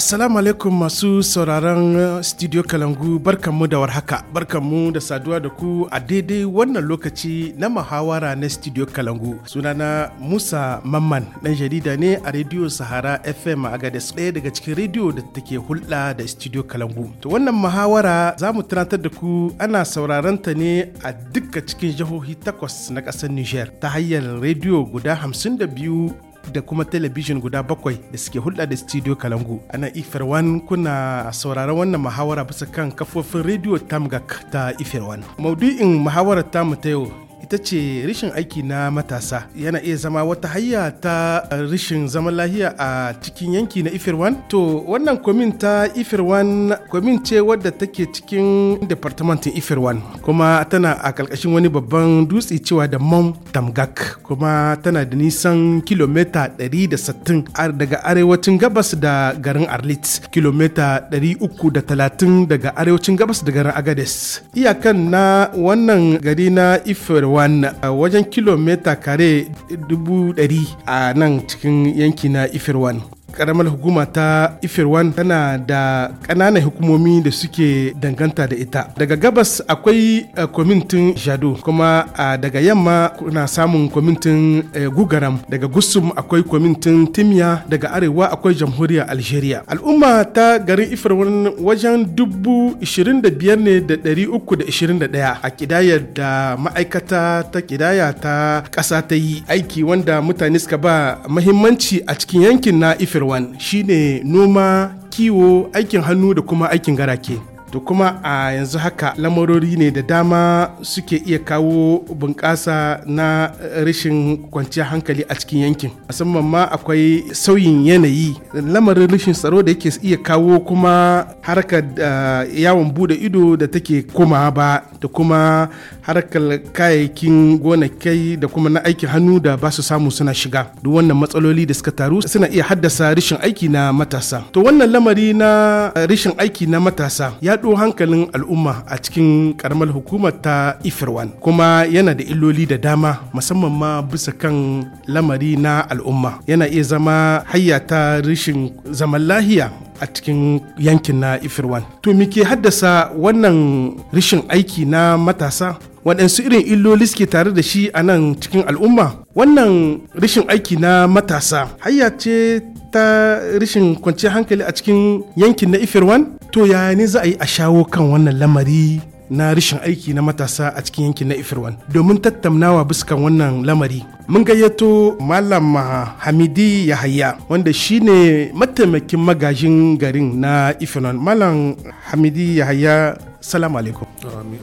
Assalamu alaikum masu sauraron eh, Studio Kalangu barkanmu da warhaka barkanmu da saduwa da ku a daidai wannan lokaci na muhawara na Studio Kalangu sunana Musa Mamman dan jarida ne a Radio Sahara FM a Agadez ɗaya daga cikin rediyo da take hulɗa da Studio Kalangu to wannan muhawara za mu tunatar da ku ana sauraron ta ne a dukkan cikin jihohi takwas na ƙasar Niger ta hanyar rediyo guda 52 da kuma telebijin guda bakwai da suke hulɗa da studio kalangu ana ifirwan kuna sauraron wannan muhawara bisa kan kafofin rediyo tamgak ta ifirwan maudu'in muhawarar tamu ta yau ita ce rishin aiki na matasa yana iya zama wata hayya ta rishin zaman lahiya a cikin yanki na ifirwan to wannan kwamin ta ifirwan kwamin ce wadda take cikin departamentin ifirwan kuma tana a ƙarƙashin wani babban dutse cewa da mom tamgak kuma tana da nisan kilomita 160 daga arewacin gabas da garin arlit kilomita 330 daga arewacin gabas da garin agades iyakan na wannan gari na ifirwan a wajen kilomita kare 100 a nan cikin yanki na Ifirwan. karamar hukuma ta ifirwan tana da ƙananan hukumomi da suke danganta da ita daga gabas akwai eh, kwamitin jado kuma ah, daga yamma na samun kwamitin eh, gugaram daga gusum akwai kwamitin timiya daga arewa akwai jamhuriyar algeria al'umma ta garin ifirwan wajen dubu ishirin da biyar ne da ɗari uku da ishirin da ɗaya a kidaya da ma'aikata ta kidaya ta ƙasa ta yi aiki wanda mutane suka ba mahimmanci a cikin yankin na ifirwan Kirwan shine noma, kiwo, aikin hannu da kuma aikin garake. da kuma a yanzu haka lamarori ne da dama suke iya kawo bunƙasa na rashin kwanciyar hankali a cikin yankin musamman ma akwai sauyin yanayi lamarin rashin tsaro da yake iya kawo kuma harkar ah, yawon bude ido da take koma ba da kuma harkar kayayyakin gonakai da kuma na aikin hannu da ba su samu suna shiga duk wannan matsaloli da suka taru suna iya haddasa rashin aiki na matasa to wannan lamari na ah, rashin aiki na matasa ya haɗo hankalin al'umma a cikin karamar hukumar ta ifirwan kuma yana da illoli da dama musamman ma bisa kan lamari na al'umma yana iya zama hayya ta rashin zaman lahiya a cikin yankin na ifirwan to me ke haddasa wannan rashin aiki na matasa waɗansu irin illoli suke tare da shi a nan cikin al'umma wannan rashin aiki na matasa hayya ce ta rashin kwanciyar hankali a cikin yankin na ifirwan to ya ne za a yi a shawo kan wannan lamari na rashin aiki na matasa a cikin yankin na ifirwan domin tattaunawa biskan wannan lamari mun gayyato malam hamidi yahaya wanda shine mataimakin magajin garin na ifinon malam hamidi yahaya salamu alaikum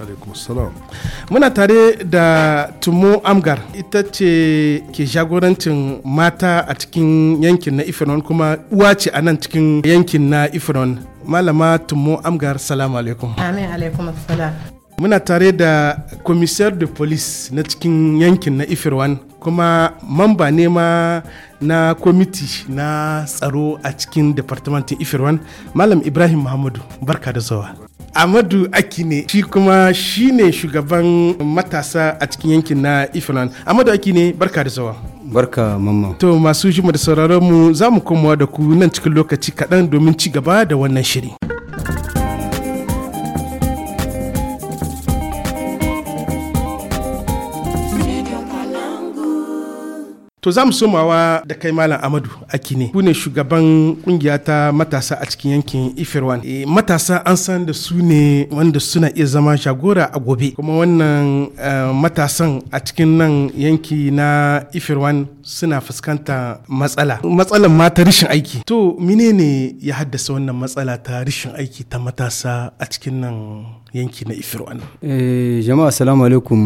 alaikum salam muna tare da tumo amgar ita ce ke jagorancin mata a cikin yankin na ifinon kuma uwa ce a nan cikin yankin na ifinon malama tumo amgar salamu alaikum muna tare da commissaire de police na cikin yankin na ifirwan kuma mamba ne ma na kwamiti na tsaro a cikin departamentin ifirwan malam ibrahim muhammadu barka da zawa amadu akine shi kuma shi ne shugaban matasa a cikin yankin na ifirwan amadu akine barka da zawa barka mamma to masu jima da sauraron mu za mu komawa da ku nan cikin lokaci kaɗan domin ci gaba da wannan shiri. To za mu somawa da kai Malam Amadu Akine. Ku ne shugaban kungiya ta matasa a cikin yankin Ifirwan. Eh, matasa an san da su ne wanda suna iya zama shagora a gobe. Kuma wannan eh, matasan a cikin nan yanki na Ifirwan suna fuskanta matsala. Matsalan ma ta rashin aiki. To ne ya haddasa wannan matsala ta rashin aiki ta matasa a cikin nan yanki na Ifirwan? Eh, jama'a assalamu alaikum.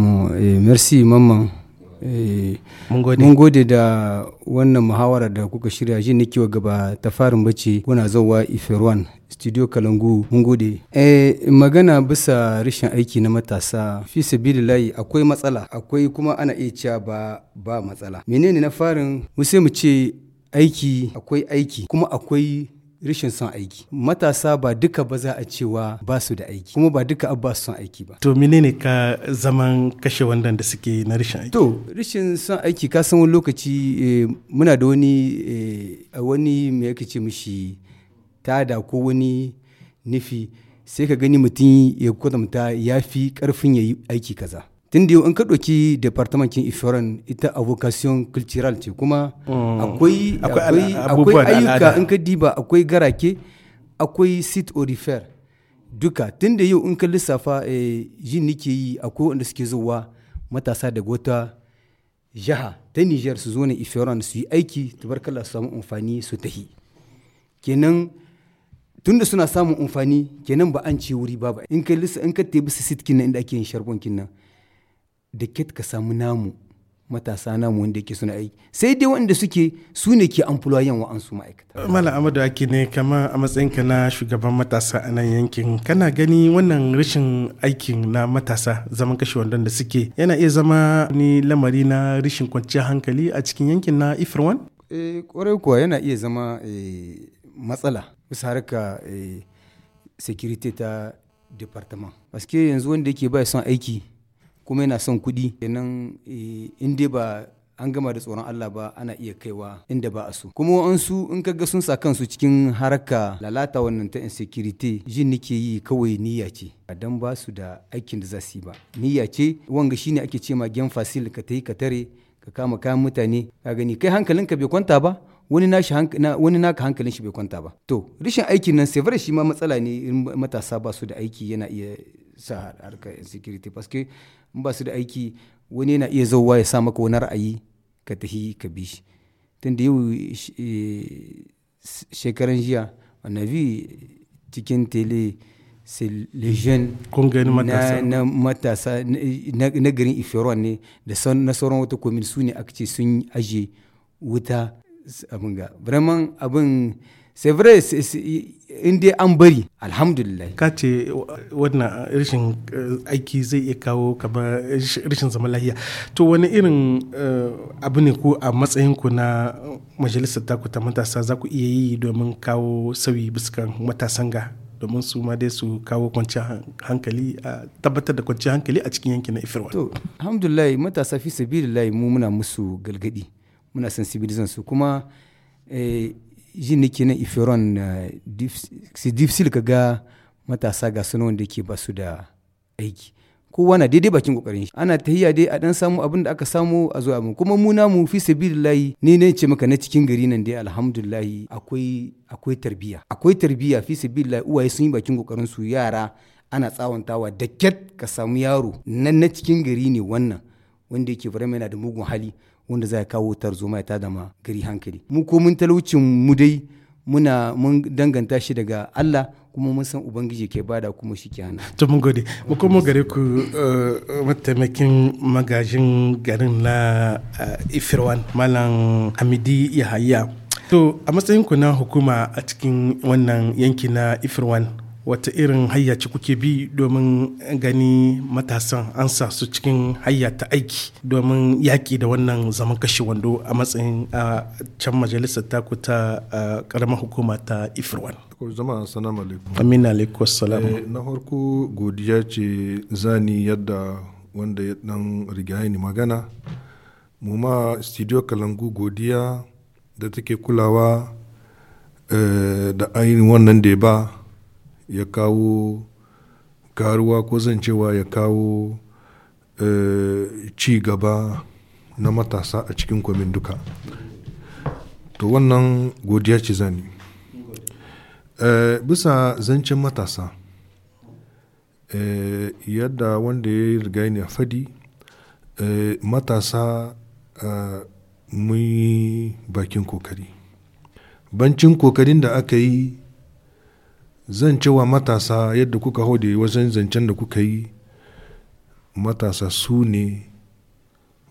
merci mamman. Eh, mun gode da wannan muhawara da kuka shirya shi ne kiwa gaba ta farin bace kuna zauwa ifirwan studio kalangu mun gode eh magana bisa rashin aiki na matasa fi sabilillahi akwai matsala akwai kuma ana iya cewa ba ba matsala menene na farin mu sai mu ce aiki akwai aiki kuma akwai rashin son aiki matasa ba duka ba za a cewa ba su da aiki kuma ba duka ba su son aiki ba to menene ka zaman kashe wandan da suke na rashin aiki to rashin son aiki ka san wani lokaci eh, muna da wani eh, wani me yake ce mishi tada ko wani nufi sai ka gani mutum ya kwatanta ya fi karfin ya yi aiki kaza tun da yau in ka ɗauki departamentin ifiran ita a vocation cultural ce kuma mm. akwai ayyuka in ka diba akwai garake akwai sit orifer duka tun da yau in ka lissafa eh, jin nike yi akwai wanda suke zuwa matasa daga wata jiha ta niger su zo na ifiran su yi aiki tabarkala su samu amfani su tahi kenan tun da suna samun amfani kenan ba an ce wuri ba in ka lissa in ka tebi su sit kinnan inda ake yin sharbon kinnan da ket ka samu namu matasa namu wanda yake suna aiki sai dai wanda suke su ne ke yan wa'ansu ma'aikata. Mala Amadu Aki ne kama a matsayin ka na shugaban matasa a nan yankin kana gani wannan rashin aikin na matasa zaman kashe wandon da suke yana iya zama ni lamari na rashin kwanciyar hankali a cikin yankin na Ifirwan? Eh, kwarai kuwa yana iya zama eh, matsala bisa harka eh, security ta department. Paske yanzu wanda yake ba son aiki kuma yana son kuɗi kenan eh, in dai ba an gama da tsoron Allah ba ana iya kaiwa inda ba a so kuma an su in ka ga sun sa kansu cikin haraka lalata wannan ta insecurity jin nake yi kawai niyya ce dan ba su da aikin da za su yi ba niyya ce wanga shine ake ce ma gen fasil ka tayi ka tare ka kama kayan mutane ka gani kai hankalinka bai kwanta ba wani nashi wani naka hankalin shi bai kwanta ba to rashin aikin nan sai shi ma matsala ne matasa ba su da aiki yana iya sa harkar insecurity paske in ba su da aiki wani yana iya zauwa ya sa maka wani ra'ayi ka tahi ka bi shi tun da yau eh, shekaran jiya wannan bi cikin tele legion na matasa na garin ifiron ne da na sauran wata komin su ne aka ce sun aje wuta abin ga abin c'est vrai in dai an bari alhamdulillah ka ce wannan uh, rashin uh, aiki zai iya kawo kamar rashin zama lahiya to wani irin uh, abu ne ko a matsayin ku na majalisar taku ta matasa za ku iya yi domin kawo sauyi biskan matasan ga domin su ma dai su kawo kwanciyar hankali a tabbatar da kwanciyar hankali a cikin yankin na ifirwa to alhamdulillah matasa fi sabilillah mu muna musu galgadi muna sensibilizan su kuma eh, ji ne ke na ifiron na eh, difficile ka ga matasa ga suna wanda ke ba su da aiki kowa na daidai bakin kokarin shi ana tahiya dai a dan samu abin da aka samu a zuwa mu kuma mu namu fi sabilillahi ni ne ce maka na cikin gari nan dai alhamdulillahi akwai akwai tarbiya akwai tarbiya fi sabilillahi uwaye sun yi bakin kokarin su yara ana tsawantawa da ket ka samu yaro nan na cikin gari ne wannan wanda yake vraiment yana da mugun hali wanda za kawo tarzoma ya tada ma gari hankali mu ko mun talaucin mu dai muna mun danganta shi daga Allah kuma mun san ubangiji ke bada kuma shi ke hana to mun gode mu kuma gare ku eh, mataimakin magajin garin na eh, ifirwan malam hamidi yahaya to a matsayin ku na hukuma a cikin wannan yanki na ifirwan wata irin hayya ce kuke bi domin gani matasan an sa su cikin hayya ta aiki domin yaƙi da wannan zaman kashe wando a matsayin a can majalisar taku ta ƙaramar hukuma ta ifirwan jama'a assalamu alaikum amin alaikum assalamu eh, na farko godiya ce zani yadda wanda ya dan rigaya ni magana mu ma studio kalangu godiya da take kulawa eh, da ainihin wannan da ba ya kawo karuwa ko zancewa ya kawo eh, ci gaba na matasa a cikin kwamin duka to wannan godiya ce zani eh, bisa zancen matasa eh, yadda wanda ya yi riga ne a fadi matasa mun yi bakin kokari bancin kokarin da aka yi zan cewa matasa yadda kuka hode wajen zancen da kuka yi matasa su ne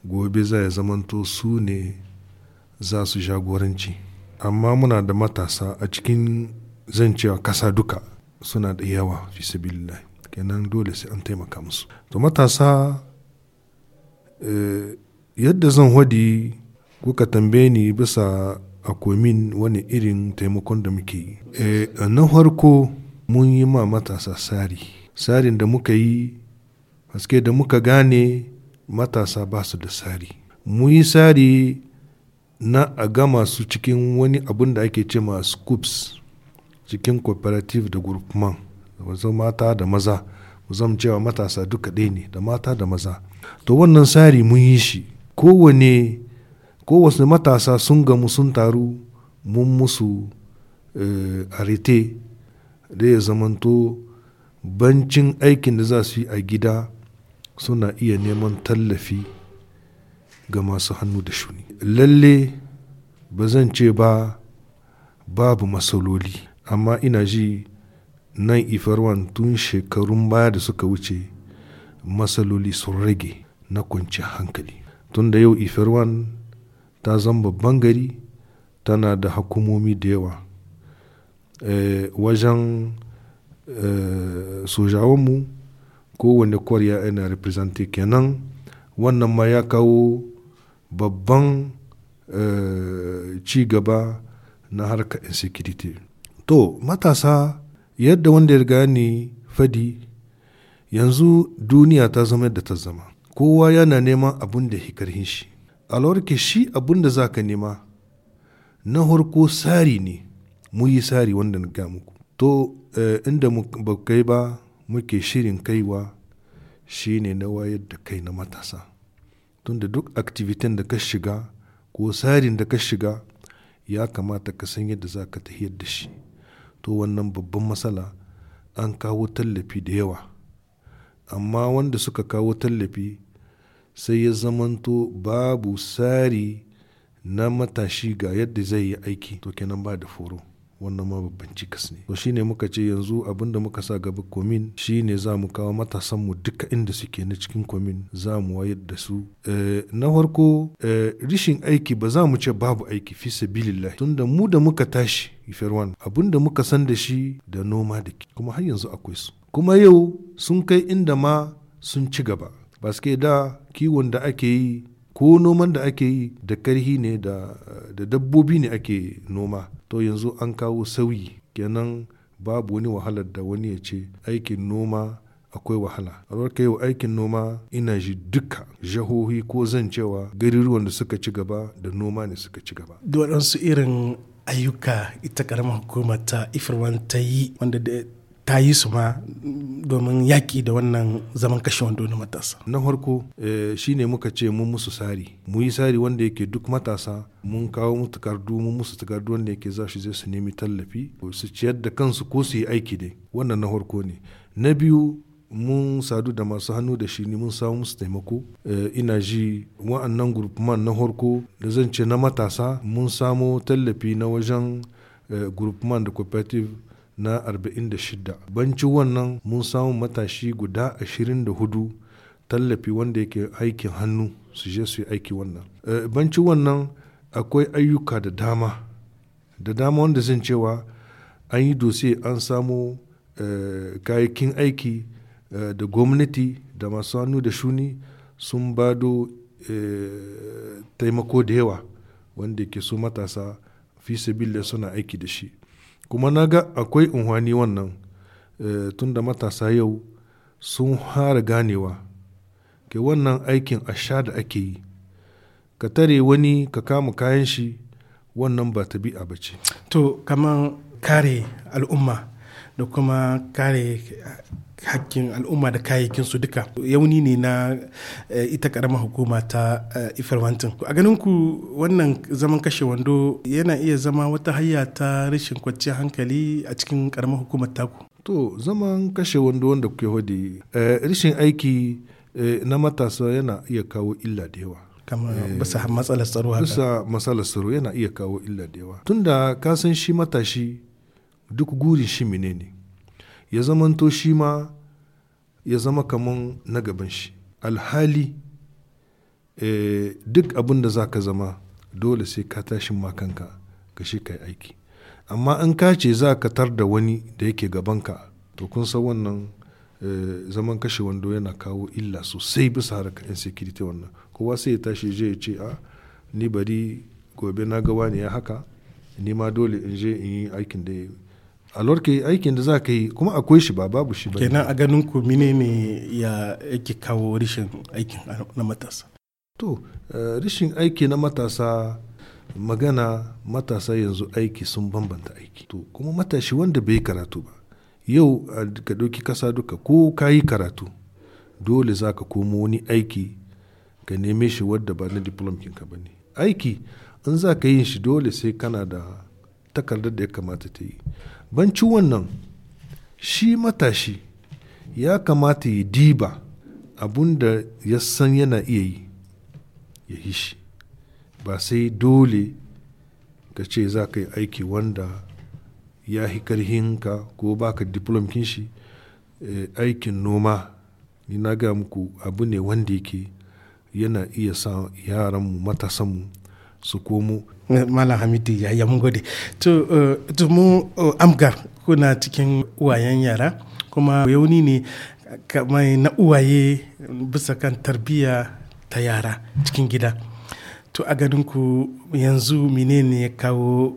gobe za ya zamanto su ne za su jagoranci amma muna da matasa a cikin zancewa kasa duka suna da yawa fi sabilillahi kenan dole sai an taimaka musu to matasa eh, yadda zan hodi kuka tambaye ni bisa akwai min wani irin taimakon da muke yi. E, na farko mun yi ma matasa sari. Tsarin da muka yi, haske da muka gane matasa ba su da sari. Mun yi sari na a gama su cikin wani abin da ake ce ma scoops cikin cooperative da groupement da mata da maza zan cewa matasa duka ɗaya ne da mata da maza to wannan tsari mun yi shi kowane kowace matasa sun gamu sun taru mun musu eh, arete da ya zamanto bancin aikin da za su yi a gida suna iya neman tallafi ga masu hannu da shuni lalle ba zan ce ba babu masaloli. amma ina ji nan ifarwan tun shekarun baya da suka wuce masaloli sun rage na kwanci hankali tun da yau ifarwan ta zama babban gari tana da hukumomi da yawa e, wajen e, eh, sojawanmu kowane kwarya yana representi kenan wannan ma ya kawo babban e, eh, ci gaba na harka insecurity to matasa yadda wanda ya gane fadi yanzu duniya ta zama yadda ta zama kowa yana neman abin da karhin shi alwarke shi abin da za ka nema na harko sari ne mu yi sari wanda na ga muku to eh, inda ba kai ba muke shirin kaiwa shi ne na wayar da kai na matasa tunda duk aktivitin da ka shiga ko sarin da ka shiga ya kamata ka san yadda za ka tahiyar da shi to wannan babban matsala an kawo tallafi da yawa amma wanda suka kawo tallafi sai ya zamanto babu tsari na matashi ga yadda zai yi aiki to kenan ba da foro wannan ma babban cikas ne to shine muka ce yanzu abinda muka sa gaba komin shine za mu kawo matasan mu duka inda suke na cikin komin za mu wayar da su eh, na farko eh, rishin aiki ba za mu ce babu aiki fi sabilillah tunda mu da muka tashi ifirwan abinda muka san da shi da noma da kuma har yanzu akwai su kuma yau sun kai inda ma sun ci gaba baske da kiwon da ake yi ko noman da ake yi da karhi ne da dabbobi ne ake noma to yanzu an kawo sauyi kenan babu wani wahalar da wani ya ce aikin noma akwai wahala ka kai wa aikin noma ina ji duka jahohi ko zan cewa garuruwan da suka ci gaba da noma ne suka ci gaba da waɗansu irin ayyuka ita karamar hukumar ta ifirwan ta yi wanda ta yi su ma domin yaƙi da wannan zaman kashe wando na matasa. Na harko eh, shi ne muka ce mun musu sari, mu yi sari wanda yake duk matasa mun kawo mu takardu mun musu takardu wanda yake za shi zai su nemi tallafi su ciyar da kansu ko su yi aiki dai wannan na harko ne. Na biyu mun sadu da masu hannu da shi ne mun samu musu taimako eh, ina ji wa'annan gurfuman na horko da zan ce na matasa mun samo tallafi na wajen eh, gurfuman da cooperative na 46 banci wannan mun samu matashi guda 24 tallafi wanda yake aikin hannu su je su yi aiki wannan eh, banci wannan akwai ayyuka da dama da dama wanda zan cewa an yi dose an samo eh, kayakin aiki eh, da gwamnati da masu hannu da shuni sun bado taimako da yawa wanda ke so matasa fi sabila suna aiki da shi kuma na ga akwai unhwani wannan eh, tunda matasa yau sun hara ganewa ke wannan aikin a sha da ake yi ka tare wani ka kama kayan shi wannan ba tabi'a ba ce to kamar kare al'umma da kuma kare hakkin al'umma da kayayyakin su duka yauni ne na eh, ita karamar hukuma ta eh, ifarwantin a ganin ku wannan zaman kashe wando yana iya zama wata hayya ta rashin kwanciyar hankali a cikin karamar hukumar taku to zaman kashe wando wanda kuke hodi eh, rashin aiki na matasa yana iya kawo illa da yawa kamar bisa matsalar tsaro yana iya kawo illa da yawa tunda kasan san shi matashi duk gurin shi menene ya zamanto shi ma ya zama kamar na gaban shi alhali eh, duk abin da za ka zama dole sai ka tashin makanka ka shi ka yi aiki amma in ka ce za ka tar da wani da yake ka to kun san wannan eh, zaman kashe wando yana kawo illa sosai bisa harkar insecurity wannan kowa sai ya tashi je ya ce a ni bari gobe na gawa ne ya haka ni ma dole in je in yi aikin da ya a aikin da za ka yi kuma akwai shi ba babu shi ba kenan a ganin ku mine ne ya yake kawo rishin aikin na matasa to eh, rishin aiki na matasa magana matasa yanzu aiki sun bambanta aiki to kuma matashi wanda bai karatu ba yau ka ɗauki kasa duka ko ka yi karatu dole za ka komo wani aiki ka neme shi wadda ba na ka ba ne aiki in za ka yin shi dole sai kana da takardar da ya kamata ta yi banci wannan shi matashi ya kamata ya diba abun da ya san yana iya yi ya yi shi ba sai dole ka ce za ka yi aiki wanda ya hi ka ko baka diplomkin shi eh, aikin noma ni na ga muku abu ne wanda yake yana iya sa yaranmu matasanmu su komo malam hamidu ya yi gode to eh, mu eh, amgar kuna cikin uwayen yara kuma yauni ne kamar na uwaye bisa kan tarbiyya ta yara cikin gida to a ganin ku yanzu menene ya kawo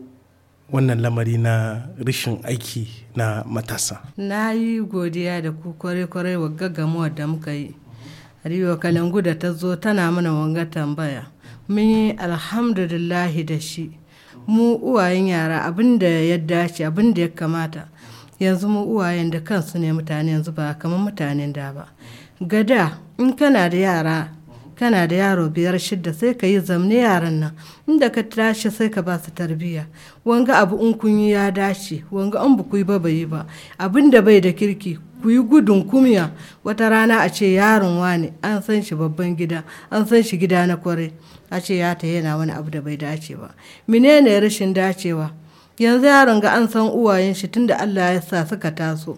wannan lamari na rashin aiki na matasa na yi godiya da ku kwarai-kwarai wa gaggamuwar da muka yi riwa kalangu da ta zo tana mana wanga tambaya mun yi alhamdulillahi da shi mu uwayen yara abin da ya dace abin da ya kamata yanzu mu uwayen da kansu ne mutane yanzu ba kamar mutanen da ba gada in kana da yara kana da yaro biyar shidda sai ka yi zamne yaran nan inda ka tashi sai ka ba su tarbiyya wanga abu in kun yi ya dace wanga an buku ba bai yi ba abin da bai da kirki ku yi gudun kumya wata rana a ce yaron wani an san shi babban gida an san shi gida na kwarai a ce ya ta yana wani abu da bai dace ba menene rashin dacewa yanzu yaron ga an san uwayen shi tunda Allah ya sa suka taso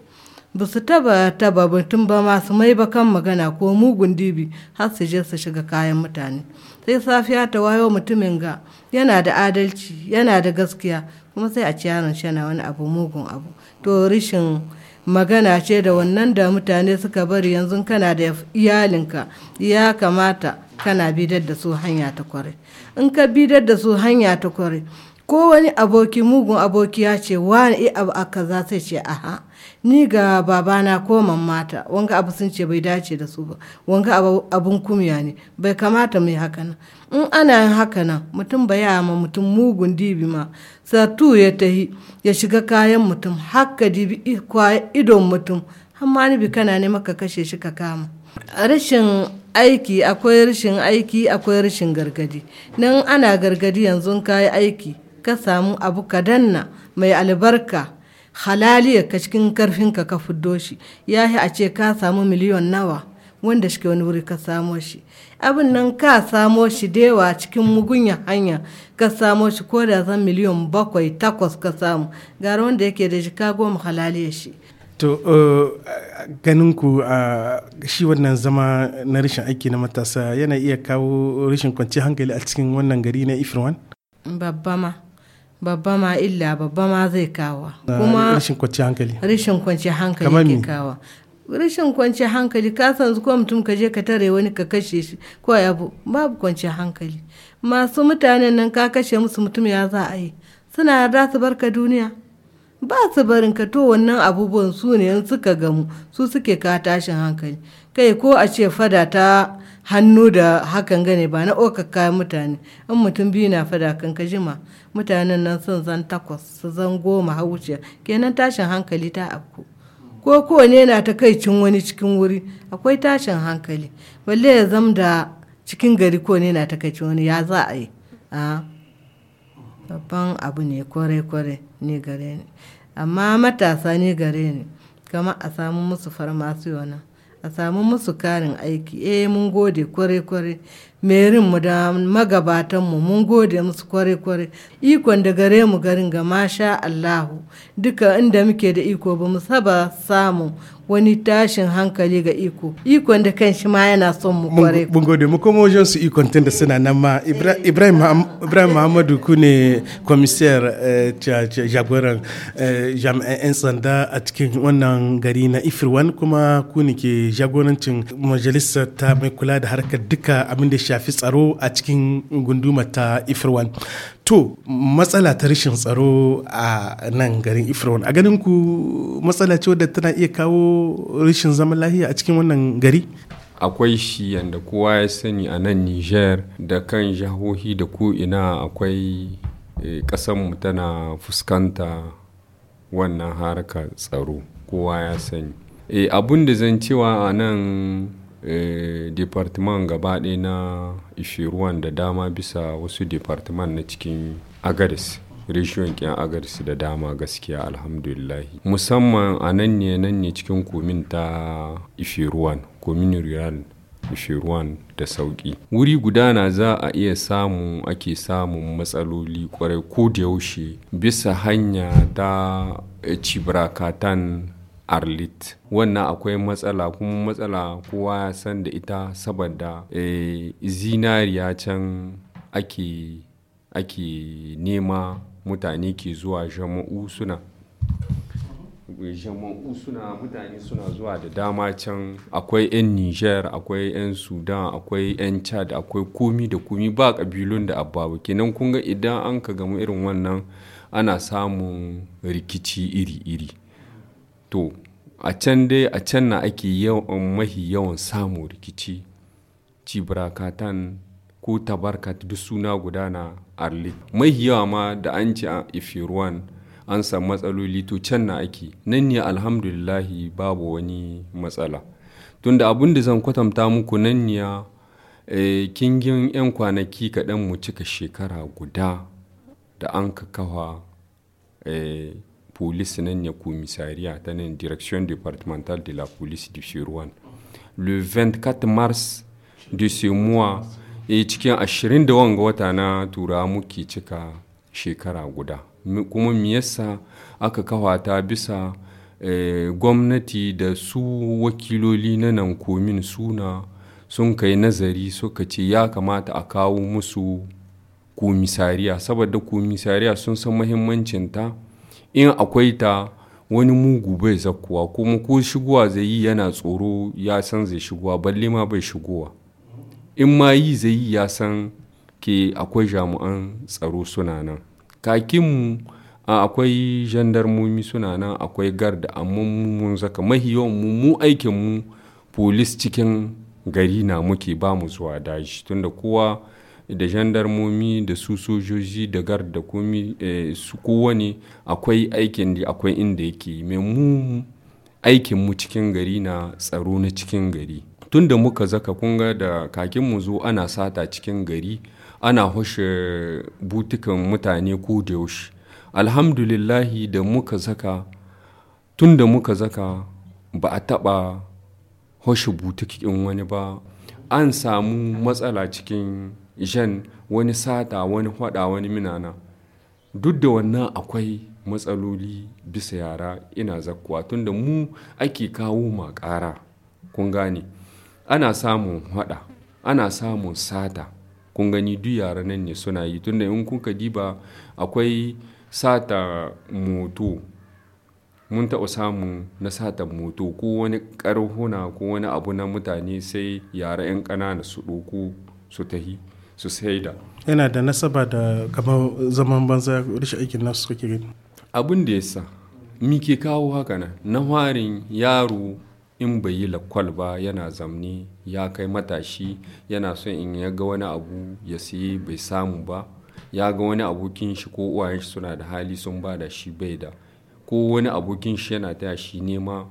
ba su taba taba tun ba masu mai kan magana ko mugun dibi har su je su shiga kayan mutane sai safiya ta wayo mutumin ga yana da adalci yana da gaskiya kuma sai a ci yaron shi yana wani abu mugun abu to rishin magana ce da wannan da mutane suka bari yanzu kana da iyalinka ya kamata kana bidar da su hanya ta kware in ka bidar da su hanya ta kware ko wani aboki mugun aboki ya ce wani eh, abu a kaza sai ce aha ni ga babana ko mata, wanga abu sun ce bai dace da su ba wanga abun kumya ne bai kamata mai haka in ana yin haka nan mutum baya ma mutum mugun dibi ma satu ya tahi ya shiga kayan mutum haka dibi idon mutum amma ni bi kana ne maka kashe shi ka kama rashin aiki akwai rashin aiki akwai rashin gargadi nan ana gargadi yanzu ka aiki ka samu abu kadanna mai albarka halaliya ka cikin karfin ka fiddo shi ya a ce ka samu miliyon nawa wanda shi wani wuri ka samo shi abin nan ka samo shi dewa cikin mugunya hanya ka samo shi ko da zan miliyon bakwai takwas ka samu gara wanda yake da shi ka goma halaliya shi to uh, ganin ku a uh, shi wannan zama na rashin aiki na matasa yana iya kawo rashin kwanciyar hankali a cikin wannan gari na ifirwan babba ma babba ma illa babba ma zai kawa kuma rashin kwanci hankali rashin kwanci hankali ke kawa rashin kwanci hankali ka san ko mutum ka je ka tare wani ka kashe shi ko bu babu kwanci hankali masu mutanen nan ka kashe musu mutum ya za a yi suna yarda su barka duniya ba su barin ka to wannan abubuwan su ne suka gamu su suke ka tashin hankali kai ko a ce fada ta hannu da hakan gane ba na okaka mutane in mutum biyu na fada kan ka jima mutanen nan sun zan takwas su zan goma wuciya kenan tashin hankali ta afku ko ne na ta kai cin wani cikin wuri akwai tashin hankali balle ya zam da cikin gari ko ne na ta kai cin wani ya za a yi a babban abu ne kwarai-kwarai ne gare ne amma matasa ne gare ne kama a samu musu farmasiyo nan a samu musu karin aiki eh mun gode kware-kware. mu da mu mun gode musu kware kware ikon da gare mu garin ga masha Allahu duka inda muke da iko ba mu saba samu wani tashin hankali ga iko ikon da kan shi ma yana son mu kware mun gode mu kuma wajen su ikon tunda suna nan ma eh. Ibrahim Ibrahim Muhammadu ku ne eh, jagoran eh, jami'an 'yan sanda a cikin wannan gari na Ifirwan kuma ku ne ke jagorancin majalisar ta mai kula da harkar duka abin da shafi tsaro a cikin gundumar ta ifirwan to matsala ta rashin tsaro a nan garin ifirwan a ganin ku matsala ce wadda tana iya kawo rashin zaman lahiya a cikin wannan gari akwai shi yadda kowa ya sani a nan niger da kan jahohi da ina akwai eh, mu tana fuskanta wannan harkar tsaro kowa ya sani e, abun da zan cewa a nan eh, department gaba ɗaya na ishiruwan da dama bisa wasu department na cikin agaris reshiyon kyan agaris da dama gaskiya alhamdulillahi musamman a nan ne nan ne cikin komin ta ishiruwan komin rural ishiruwan da sauƙi wuri guda na za a iya samu ake samun matsaloli kwarai ko da yaushe bisa hanya ta eh, cibirakatan arlit wannan akwai matsala kuma matsala kowa ya san da ita saboda eh, zinariya can ake nema mutane ke zuwa jama'u suna jama'u suna mutane suna zuwa da dama can akwai 'yan niger akwai 'yan sudan akwai 'yan chad akwai komi da komi ba kabilun da abba kenan kun idan an ka gamu irin wannan ana samun rikici iri-iri to a can dai a can na ake yawan mahi yawan samun rikici cibirakatan ko tabarkat duk suna guda na arli mahi yawa ma da an ci a an samu matsaloli to can na ake nan ne alhamdulillahi babu wani matsala tunda abin da zan kwatanta muku nan ne eh, kingin 'yan kwanaki kaɗan mu cika shekara guda da an ka kawa eh, police nan ya commissariat ta nan direction départementale de la police du Chirouane. le 24 mars de ce mois e cikin ashirin da wanga wata na tura muke cika shekara guda kuma me yasa aka kawata bisa eh, gwamnati da su wakiloli na nan komin suna sun kai nazari suka ce ya kamata a kawo musu komisariya saboda komisariya sun san muhimmancinta in akwai ta wani mugu bai zakkuwa kuma ko shigowa zai yi yana tsoro ya san zai shigowa balle ma bai shigowa in ma yi zai yi ya san ke akwai jami'an tsaro suna nan kakinmu akwai jandarmomi suna nan akwai garda amma mun zaka mahi yawan mu mu aikin mu polis cikin gari na muke ba mu zuwa daji tunda kowa da jandarmomi da su sojoji da gar da komi eh, su kowane akwai aikin da akwai inda yake mai mu aikin mu cikin gari na tsaro na cikin gari tun da muka zaka kunga da kakin mu zo ana sata cikin gari ana hushe butukan mutane ko da yaushe alhamdulillahi da muka zaka tun muka zaka ba a taɓa hushe butukin wani ba an samu matsala cikin jan wani sata wani hwada wani minana duk da wannan akwai matsaloli bisa yara ina zakkuwa tunda mu ake kawo ma kun gane ana samun hwada ana samun sata kun gani duk yara nan ne suna yi tunda in kuka diba akwai sata moto mun taɓa samu na sata moto ko wani karhuna ko wani abu na mutane sai yara 'yan ƙanana su ɗoko su tahi su saida yana da nasaba da kamar zaman banza shi aikin nasu kake gani abin da ya sa ke kawo haka nan na harin yaro in bai yi lakwal ba yana zamni ya kai matashi yana son in ya ga wani abu ya sai bai samu ba ya ga wani abokin shi ko uwayen shi suna da hali sun ba da shi bai da ko wani abokin shi yana taya shi nema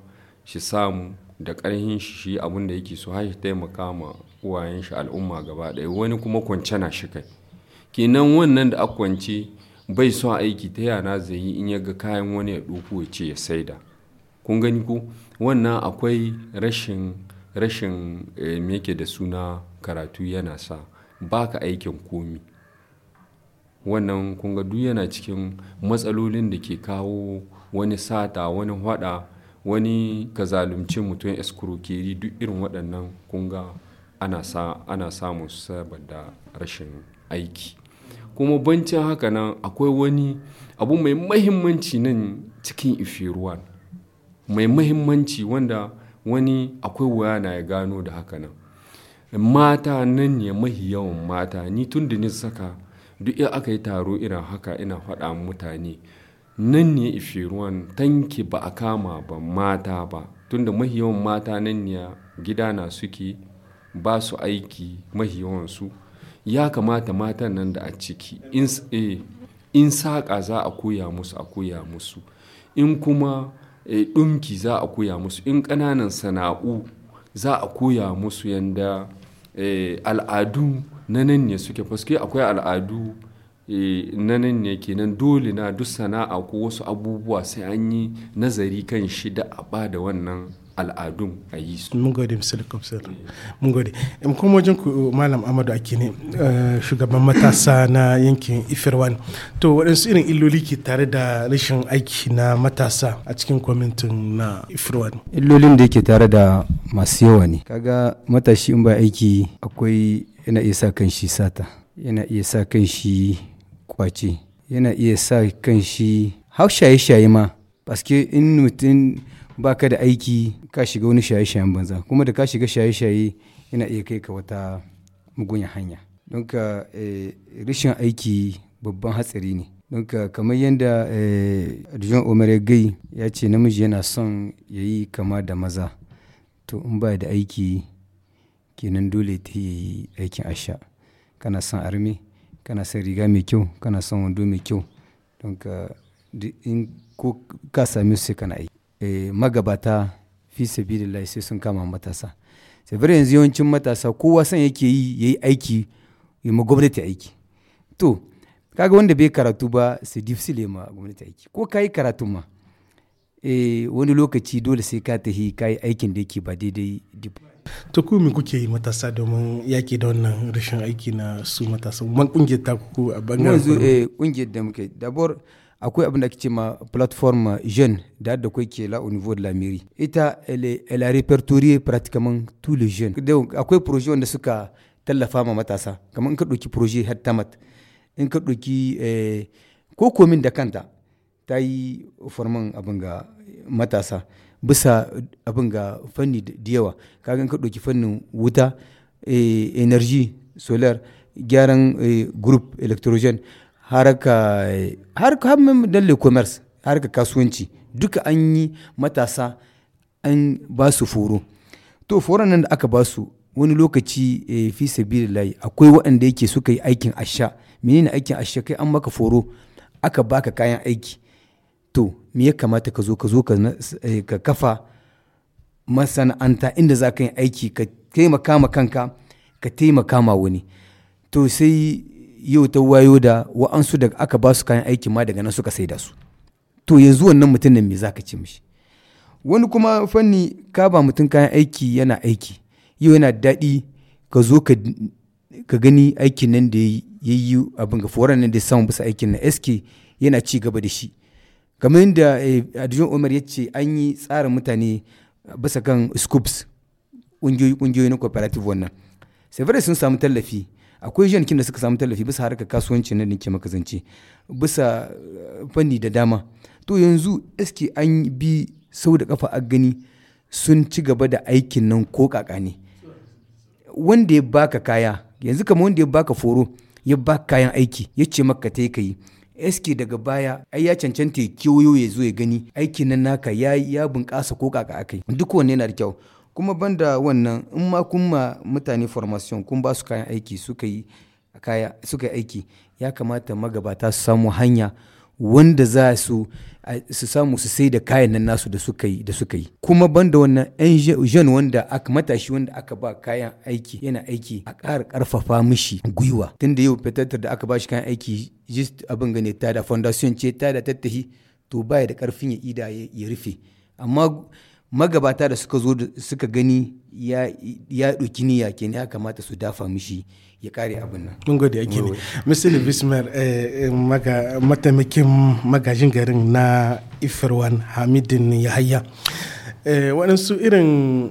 shi samu da ƙarhin shi abin da yake so har taimaka ma uwayen shi al'umma gaba ɗaya wani kuma kwance na shi kai kenan wannan da aka kwance bai son aiki ta yana zai yi in ya ga kayan wani ya ɗuku ya ce ya saida kun gani ko wannan akwai rashin rashin eh, meke da suna karatu yana sa baka aikin komi wannan kun ga duk yana cikin matsalolin da ke kawo wani sata wani hwada wani ka zalunci mutum ya duk irin waɗannan kunga ana sa ana samun saboda rashin aiki kuma bancin haka nan akwai wani abu mai mahimmanci nan cikin ifiruwan mai mahimmanci wanda wani akwai waya na ya gano da haka nan mata nan ne mahi yawan mata ni tun da ni saka duk ya aka yi taro irin haka ina faɗa mutane nan ne ifiruwan tanki ba a kama ba mata ba tunda mahi yawan mata nan ne gida na suke ba su aiki mahi yawansu ya kamata matan nan da a ciki in eh, saƙa za a koya musu a koya musu in kuma eh, ɗunki za a koya musu in ƙananan sana'u za a koya musu yadda eh, al'adu na nan ne suke faske akwai al'adu na nan ne kenan dole na duk sana'a ko wasu abubuwa sai an yi nazari kan shida a ba da wannan al'adun a yi su. Mun gode Mr. Likopsir. Mun gode. In kuma wajen ku Malam Amadu ake ne eh, shugaban matasa na yankin Ifirwan. To waɗansu irin illoli ke tare da rashin aiki na matasa a cikin kwamitin na Ifirwan. Illolin da yake tare da masu yawa ne. Kaga matashi in ba aiki akwai yana iya sa kan shi sata. Yana iya sa kan shi kwace. Yana iya sa kan shi hau shaye-shaye ma. Paske in mutum baka da aiki ka shiga wani shaye-shayen banza kuma da ka shiga shaye-shaye yana iya kai ka wata mugunya hanya don ka eh, rashin aiki babban hatsari ne don ka kamar yadda eh, john omar ya gai ya ce namiji yana son ya yi kama da maza to in ba da aiki kenan dole ta yi aikin asha kana son arme kana son riga mai kyau kana son wando mai kyau don ka in ko ka same su sai kana aiki Eh, magabata fi sabilillahi sai sun kama matasa sai yanzu yawancin matasa kowa san yake yi yayi aiki ya ma gwamnati aiki to kaga wanda bai karatu ba sai difficile ma gwamnati aiki ko kayi karatu ma eh wani lokaci dole sai ka tahi kayi aikin da yake ba daidai to ku me kuke yi matasa domin yaki da wannan rashin aiki na su matasa man kungiyar ta ku a bangaren yanzu eh kungiyar da muke dabor akwai abin da ake ma platform jeune da da kai ke la au niveau de la mairie ita elle, elle a répertorié pratiquement tous les jeunes donc akwai projet wanda suka tallafa ma matasa kamar in ka dauki projet hattamat in ka ɗauki eh, ko komin da kanta ta yi forman abin ga matasa bisa abin ga fanni da yawa kaga in ka dauki fannin wuta eh, energy solar gyaran eh, group electrogene harka harka dalle commerce harka kasuwanci duka an yi matasa an ba su foro to foron nan da aka ba su wani lokaci e, fi layi akwai waɗanda yake suka yi aikin asha menene aikin asha kai an maka foro aka baka kayan aiki to me ya kamata ka zo ka zo eh, ka kafa masana'anta inda za ka yi aiki ka taimaka ma kanka ka taimaka ma wani to sai yau ta wayo da wa'ansu da aka ba su kayan aiki ma daga nan suka sai da su to yanzu wannan mutum nan me za ka ce mishi wani kuma fanni ka ba mutum kayan aiki yana aiki yau yana daɗi ka zo ka gani aikin nan da ya yi abin ga foran nan da samu bisa aikin na sk yana ci gaba da shi kamar yadda eh, adijon umar ya ce an yi tsarin mutane bisa kan scoops ƙungiyoyi na cooperative wannan sai sun samu tallafi akwai janikin da suka samu tallafi bisa harkar kasuwanci na nake maka zance bisa eh, fanni da dama to yanzu eske an bi sau da kafa a gani sun ci gaba da aikin nan ko kaka ne wanda ya baka kaya yanzu kama wanda ya baka foro ya ba kayan aiki ya ce maka ta yi eske daga baya ai ya cancanta ya kiyoyo ya zo ya gani aikin nan naka ya bunƙasa ko kaka akai duk wanne yana da kyau kuma banda wannan in ma kun ma mutane formation kun ba su kayan aiki suka yi kaya suka aiki ya kamata magabata su samu hanya wanda za su su samu su sai da kayan nan nasu da suka yi da suka yi kuma banda wannan yan jen wanda aka matashi wanda aka ba kayan aiki yana aiki a ƙara ƙarfafa mishi gwiwa tunda yau fitattar da aka ba shi kayan aiki just abin gane ta da foundation ce ta da tattahi to baya da ƙarfin ya ida ya rufe amma magabata da suka zo suka gani ya ɗauki niyya ke ya kamata su dafa mishi ya kare abin nan. Mun gode yake ne. Misali Bismar eh, eh, mataimakin magajin garin na Ifirwan Hamidin Yahaya. Eh, waɗansu irin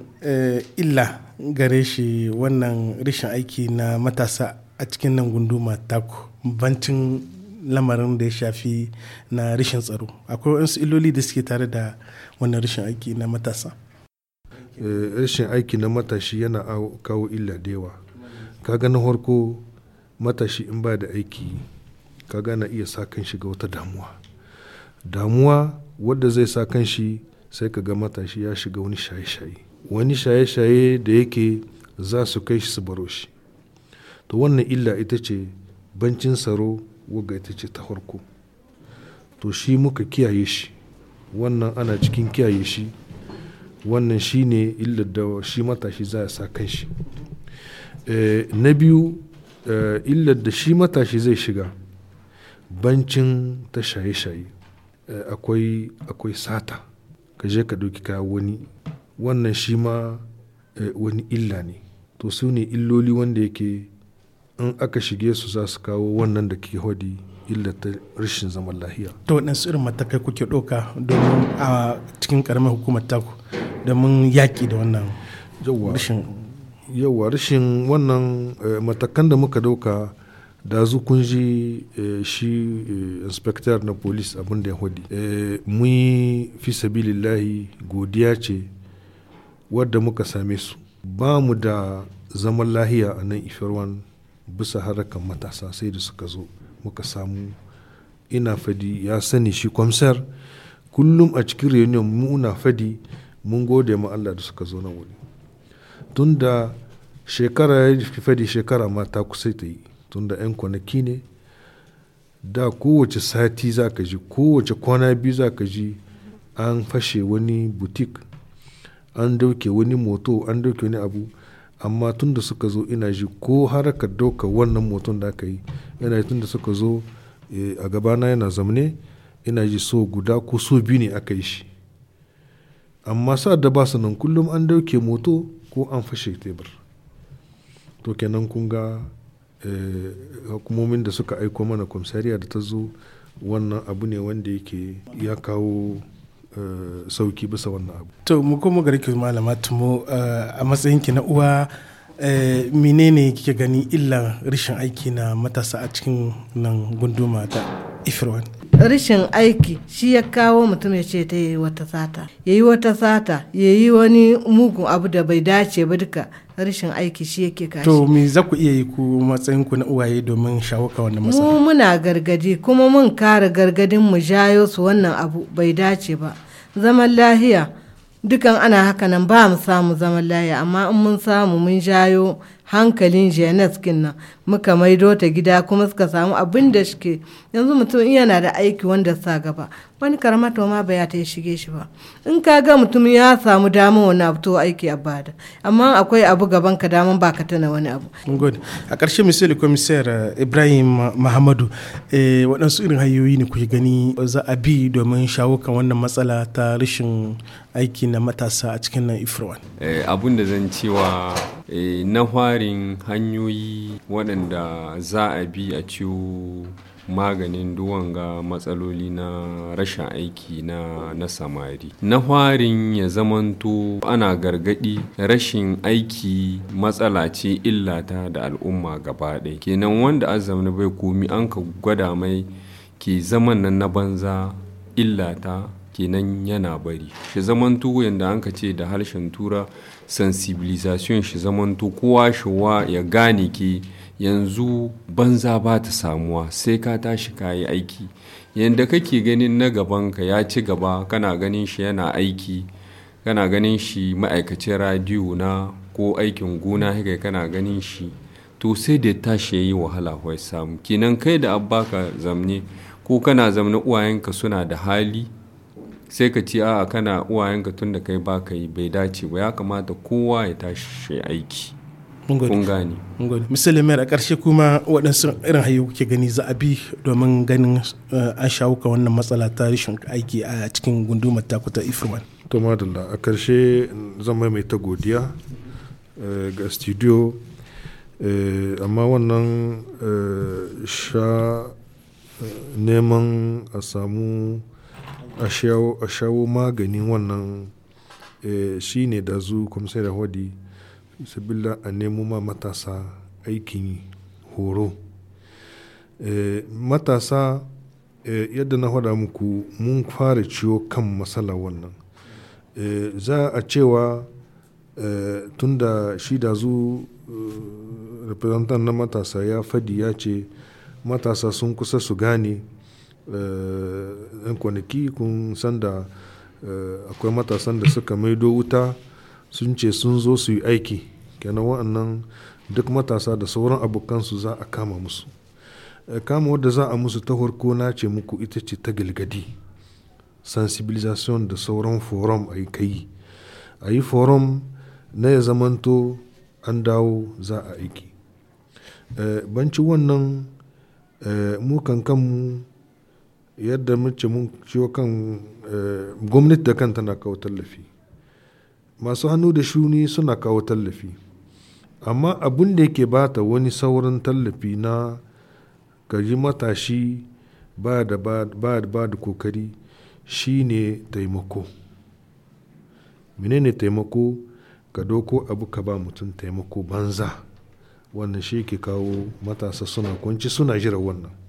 illa gare shi wannan rashin aiki na matasa a cikin nan gunduma taku bancin lamarin da ya shafi na rashin tsaro akwai wasu iloli da suke tare da wannan rashin aiki na matasa eh, rashin aiki na matashi yana kawo illa da yawa kaga na harko matashi in ba da aiki kaga na iya sa kan shiga wata damuwa damuwa wadda zai sa kan shi sai kaga matashi ya shiga wani shaye-shaye wani shaye-shaye da yake za su kai shi su baro shi to wannan illa ita ce bancin tsaro wagga ita ce ta farko to shi muka kiyaye shi wannan ana cikin kiyaye shi wannan shi ne illar da shi matashi za a sa kan shi eh, na biyu eh, illar da shi matashi zai shiga bancin ta shaye-shaye eh, akwai sata ka je ka ɗauki kaya wani wannan shi ma wani illa ne to su ne illoli wanda yake in aka shige su za su kawo wannan da ke hodi illa ta rashin zaman lahiya. To waɗansu irin matakai kuke ɗauka domin a cikin ƙaramin hukumar taku domin yaƙi da wannan rashin. Yawa rashin wannan eh, matakan da muka ɗauka da zu kun ji eh, shi eh, inspector na polis abin da ya hodi. Mun fi sabilillahi godiya ce wadda muka same su. Ba mu da zaman lahiya a nan ifirwan bisa harakan matasa sai da suka zo muka samu ina fadi ya sani shi kwamsar kullum a cikin reunion muna fadi mun gode ma Allah da suka zo na wuri tun da shekara ya fadi shekara ma ta kusa ta yi tun da 'yan kwanaki ne da kowace sati za ka ji kowace kwana biyu za ka ji an fashe wani butik an dauke wani moto an dauke wani abu amma tun da suka zo ina ji ko haraka doka wannan moton da aka yi ina tun da suka zo eh, a gabana yana zamne ina ji so guda ko so biyu ne aka yi shi amma sa da ba su nan kullum an dauke moto ko an fashe tebur to kenan kun ga eh, hukumomin da suka aiko mana kwamsariya da ta zo wannan abu ne wanda yake ya kawo Eh, sauki bisa wannan abu to mu koma gari ki malama tumo eh, a matsayin ki na uwa eh, menene kike gani illa rashin aiki na matasa a cikin nan gunduma ta ifirwan rashin aiki shi ya kawo mutum ya ce ta yi wata sata ya yi wata sata ya yi wani mugun abu da bai dace ba duka rashin aiki shi yake kashi to me za ku iya yi ku matsayin ku na uwaye domin shawo ka wannan masana? mu muna gargadi kuma mun kare gargadin mu jayo su wannan abu bai dace ba zaman lahiya dukan ana hakanan ba mu samu zaman lahiya amma in mun samu mun jayo hankalin janet kinnan muka maido ta gida kuma suka samu abin da shike yanzu mutum in yana da aiki wanda sa gaba wani to ma baya ta shige shi ba in ka ga mutum ya samu damar wani abu to aiki a bada amma akwai abu gaban ka damar baka tana wani abu good a ƙarshe misali commissaire eh, ibrahim muhammadu eh, waɗansu irin hanyoyi ne kuke gani za a bi domin shawo kan wannan matsala ta rashin aiki na matasa a cikin nan ifirwan eh, abun da zan cewa na tsarin hanyoyi waɗanda za a bi a ciwo maganin duwanga matsaloli na rashin aiki na, na samari na harin ya zamanto ana gargadi rashin aiki matsala ce illata da al'umma gaba ɗaya kenan wanda azamni bai komi an ka gwada mai ke zaman nan na banza illata kenan yana bari shi zamanto yadda an ka ce da harshen tura sensibilisation shi zamanto kowa shiwa ya gane ke yanzu banza ba ta samuwa sai ka tashi ka yi aiki yadda kake ganin na gabanka ya ci gaba kana ganin shi yana aiki kana ganin shi ma'aikacin radiyo na ko aikin gona haka kana ganin shi to sai da tashi ya yi wahala wai samu kenan kai da abba ka zamne ko kana zamne uwayenka suna da hali sai ka ci a kana uwayenka tun da kai baka yi bai dace ba ya kamata kowa ya tashi aiki kun gani misali mayar a ƙarshe kuma waɗansu irin hayo kuke gani za a bi domin ganin eh, an shawo wannan matsala ta rashin aiki a cikin gundumar taku ta ifirman to madalla a ƙarshe zan mai ta godiya eh, ga studio eh, amma wannan sha neman a samu a shawo, maganin wannan, eh, shi ne zu kwamsai ya hodi sabila a nemo ma matasa aikin horo. Eh, matasa, eh, yadda na hada muku mun fara ciwo kan matsala wannan. za a cewa, tunda tun da shi dazu eh, na matasa ya faɗi ya ce matasa sun kusa su gane Eh, 'yan kwanaki kun sanda eh, akwai matasan da suka maido wuta sun ce sun zo su yi aiki kenan wa'annan duk matasa da sauran abokansu za a kama musu eh, kama wadda za a musu ta farko na ce muku ita ce ta gilgadi sensibilisation da sauran forum a yi kai a yi forum na ya zamanto an dawo za a aiki banci wannan mu kanmu yadda muke mun ciwo kan eh, gwamnati da kanta na kawo tallafi masu hannu da shuni suna kawo tallafi amma abin da yake bata wani sauran tallafi na gaji matashi ba da ba da kokari shine taimako menene taimako ka doko abu ka ba mutum taimako banza wannan shi ke kawo matasa suna kunci suna jira wannan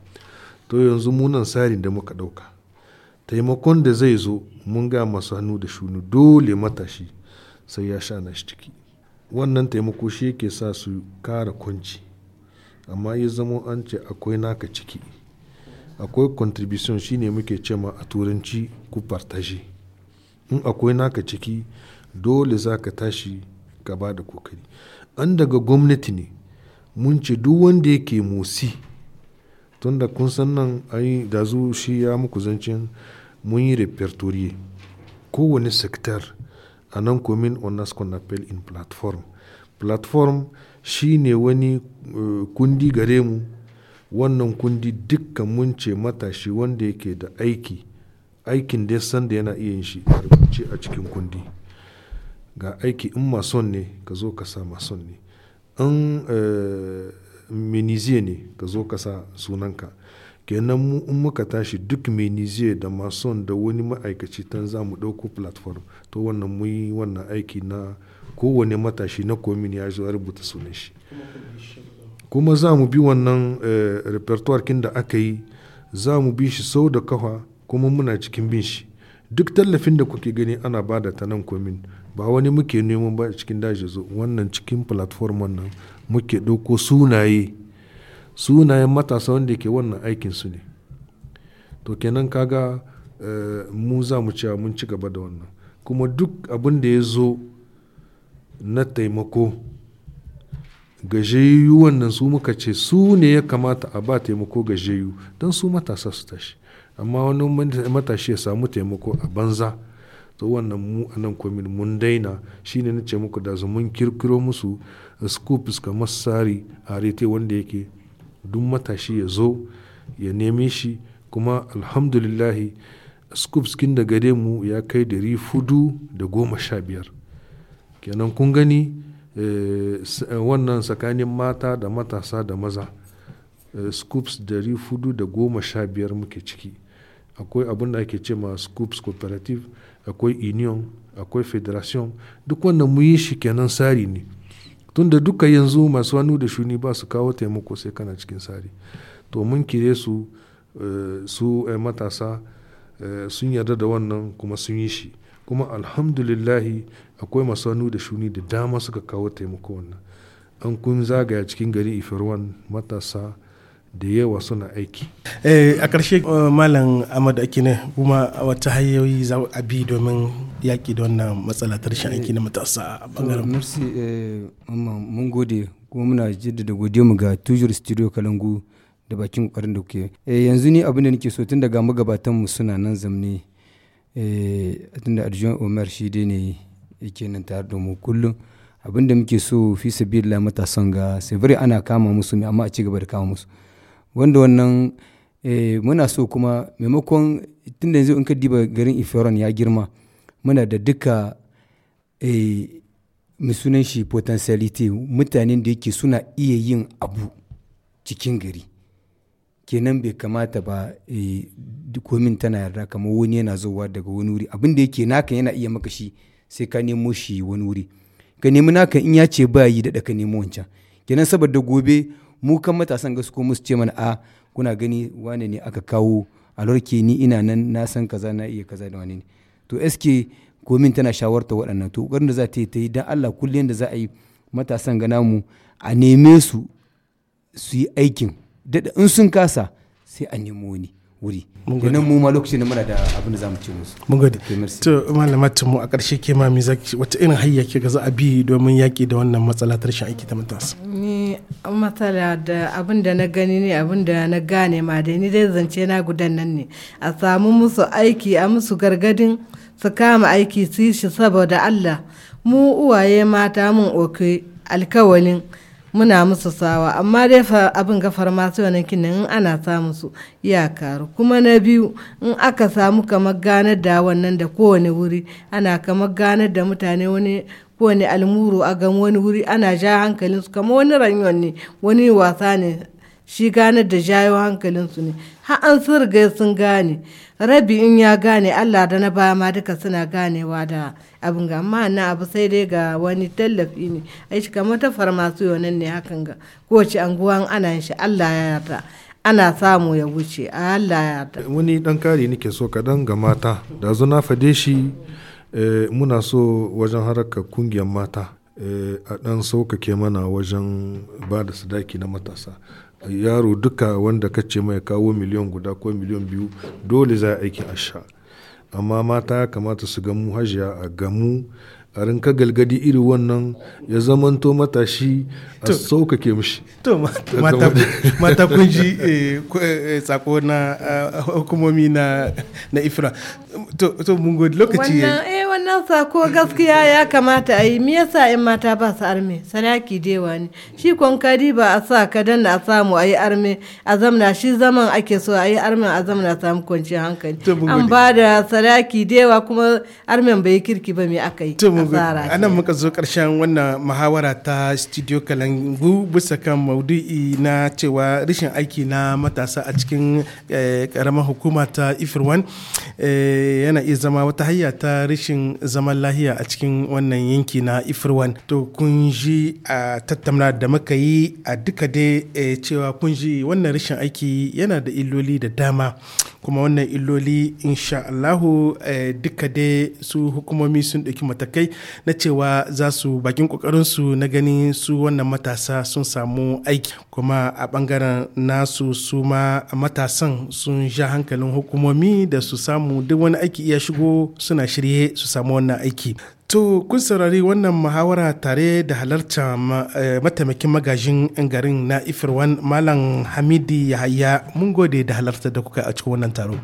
to yanzu munan tsarin da muka ɗauka taimakon da zai zo mun ga masu hannu da shunu dole matashi sai ya sha na shi ciki wannan taimako shi yake sa su kara kunci amma ya zama an ce akwai naka ciki akwai contribution shine muke cema a turanci ku partage in akwai naka ciki dole za ka tashi ka ba da kokari an daga gwamnati ne mun ce duk wanda yake motsi tunda kun san nan ai da zu shi ya muku zancen mun yi ko kowane sektar a nan komin on ce qu'on in platform platform shi ne wani eh, kundi gare mu wannan kundi dukka mun ce matashi wanda yake da aiki aikin da san da yana iya yin shi a a cikin kundi ga aiki in mason ne ka zo ka sa mason ne in eh, menizier ne ka zo kasa sa sunanka kenan mu in muka tashi duk menizier da mason da wani ma'aikaci tan za mu ɗauko platform to wannan mu yi wannan aiki na kowane matashi na komin ya zo rubuta sunan shi kuma za mu bi wannan eh, repertoire kin da aka yi za mu bi shi sau da kafa kuma muna cikin bin shi duk tallafin da kuke gani ana bada ta nan komin ba wani muke neman ba cikin daji zo wannan cikin platform wannan muke ɗauko sunaye sunayen matasa wanda ke wannan aikin su ne to kenan kaga eh, mu za mu cewa mun ci gaba da wannan kuma duk abin da ya zo na taimako gajeyu wannan su muka ce su ne ya kamata a ba taimako gajeyu don su matasa su tashi amma wani matashi ya samu taimako a banza to wannan mu a nan komin mun daina shine na ce muku da mun kirkiro musu scoops kamar tsari a rete wanda yake duk matashi ya zo ya neme shi kuma alhamdulillahi scopes kin da gare mu ya kai dari fudu da goma sha biyar kenan kun gani eh, wannan tsakanin mata da matasa da maza eh, scoops dari fudu da goma sha biyar muke ciki akwai abin da ake ce ma scoops cooperative akwai union akwai federation duk wannan mu yi shi kenan tsari ne tunda duka yanzu masu hannu da shuni ba su kawo taimako sai kana cikin sari to mun kire su eh, su eh, matasa eh, sun yarda da wannan kuma sun yi shi kuma alhamdulillahi akwai masu hannu da shuni da dama suka kawo taimako wannan an kun zagaya cikin gari ifirwan matasa da yawa suna aiki. a ƙarshe malam amadu akine kuma wata hanyoyi za a bi domin yaƙi da wannan matsala ta rashin aiki na matasa a bangaren mursi eh, amma mun gode kuma muna jaddada gode mu ga tujur studio kalangu da bakin kokarin da kuke eh, yanzu ni abin da nake so tun daga magabatan mu suna nan zamne eh, tun da arjun umar shi dai ne yake nan tare da mu kullum abin da muke so fi sabilillah matasan ga sai bari ana kama musu amma a ci gaba da kama musu wanda wannan muna so kuma maimakon tun da yanzu in ka diba garin iforon ya girma muna da duka e, sunan shi potentiality mutanen da yake suna iya yin abu cikin gari kenan bai kamata ba e, komin tana yarda kamar wani yana zuwa daga wani wuri abin da yake naka yana iya maka shi sai ka nemo shi wani wuri ka nemi naka in ya ce ba yi da ka nemo wancan kenan saboda gobe mu kan matasan gasu ko musu ce mana a ah, kuna gani wane ne aka kawo a ni ina nan na san kaza na iya kaza da wani ne to eske komin tana shawarta waɗannan to ƙoƙarin da za ta yi ta yi don allah kullum da za a yi matasan gana mu a neme su su yi aikin daɗa in sun kasa sai a nemo wani wuri ganin mu ma lokacin da muna da abin da za mu ce musu mun gode to malama tumu a ƙarshe ke ma wata irin hayya ke ga za a bi domin yaƙi da wannan matsala ta rashin aiki ta matasa ni matsala da abin da na gani ne abin da na gane ma dai ni dai zance na gudan nan ne a samu musu aiki a musu gargadin su kama aiki su yi shi saboda Allah mu uwaye mata mun oke alkawalin muna musu sawa amma dai abin gafar masu wani kinan in ana samu su ya karu kuma na biyu in aka samu kamar ganar da wannan da kowane wuri ana kamar ganar da mutane wani wani almuru a gan wani wuri ana ja hankalinsu kama wani ranyon ne wani wasa ne shi ganar da jayo hankalinsu ne ha an sun sun gane rabi in ya gane allah da na baya ma duka suna ganewa da abin ga amma na abu sai dai ga wani tallafi ne ai shi kamar ta farmasu yonan ne hakan ga kowace anguwa ana shi allah ya yarda ana samu ya wuce Allah ya yarda wani dan kari nake so kadan ga mata da na fade shi Eh, muna so wajen harakar kungiyar mata eh, a ɗan sauƙaƙe mana wajen ba da sadaki na matasa yaro duka wanda ka ce mai kawo miliyan guda ko miliyan biyu dole za a aikin asha amma mata ya kamata su gamu hajiya a gamu a rinka galgadi iri wannan ya zamanto matashi a sauƙaƙe mishi to mata kun eh, sako na hukumomi na ifra to to mun gode lokaci wannan eh wannan sako gaskiya ya kamata a yi me yasa in mata ba su arme sadaki dewa ne shi kon kadi ba a sa ka danna a samu a yi arme a zamna shi zaman ake so a yi armen a zamna samu kwanciyar hankali an ba da sadaki dewa kuma armen bai kirki ba me aka yi to mun gode anan muka zo karshen wannan muhawara ta studio kalangu bisa kan maudu'i na cewa rashin aiki na matasa a cikin karamar eh, hukuma ta ifirwan eh, yana iya zama wata hanya ta rashin zaman lahiya a cikin wannan yanki na ifirwan to kun ji a tattauna da muka yi a duka dai e, cewa kun ji wannan rashin aiki yana da illoli da dama kuma wannan illoli insha Allahu e, duka dai su hukumomi sun ɗauki matakai na cewa za su bakin ƙoƙarinsu na gani su wannan matasa sun samu aiki kuma a bangaren nasu su ma matasan sun sha hankalin hukumomi da su samu duk wani aiki ki iya shigo suna shirye su samu wannan aiki to kun saurari wannan muhawara tare da halarta eh, mataimakin magajin yan garin na ifirwan malam hamidi yahaya mun gode da halarta da kuka a cikin wannan taro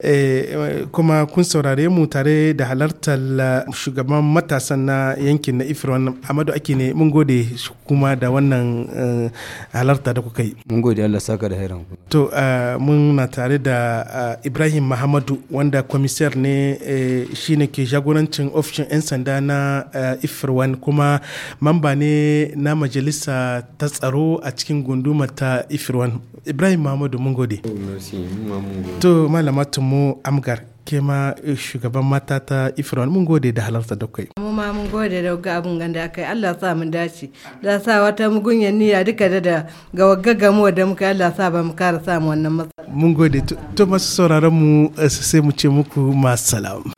Eh, kuma kun saurare mu tare da halartar eh, shugaban matasan na yankin na ifir wannan amadu ake ne mun gode kuma da wannan eh, halarta da kuka yi mun gode allah saka da hairan to mun na tare da ibrahim mahamadu wanda kwamisiyar ne shi shine ke jagorancin ofishin 'yan sanda na ifir kuma mamba ne na majalisa ta tsaro a cikin gundumar ta ifir ibrahim mahamadu mun gode to malama mu amgar ke ma eh, shugaban mata ta ifirwan mun gode da halarta da kai mu ma mun gode da ga abun ganda kai Allah sa mu dace da sa wata mugunyan niyya duka da da ga waggaga mu da muka Allah sa ba mu kara sa mu wannan matsala mun gode to masu sauraron mu eh, sai mu ce muku ma salam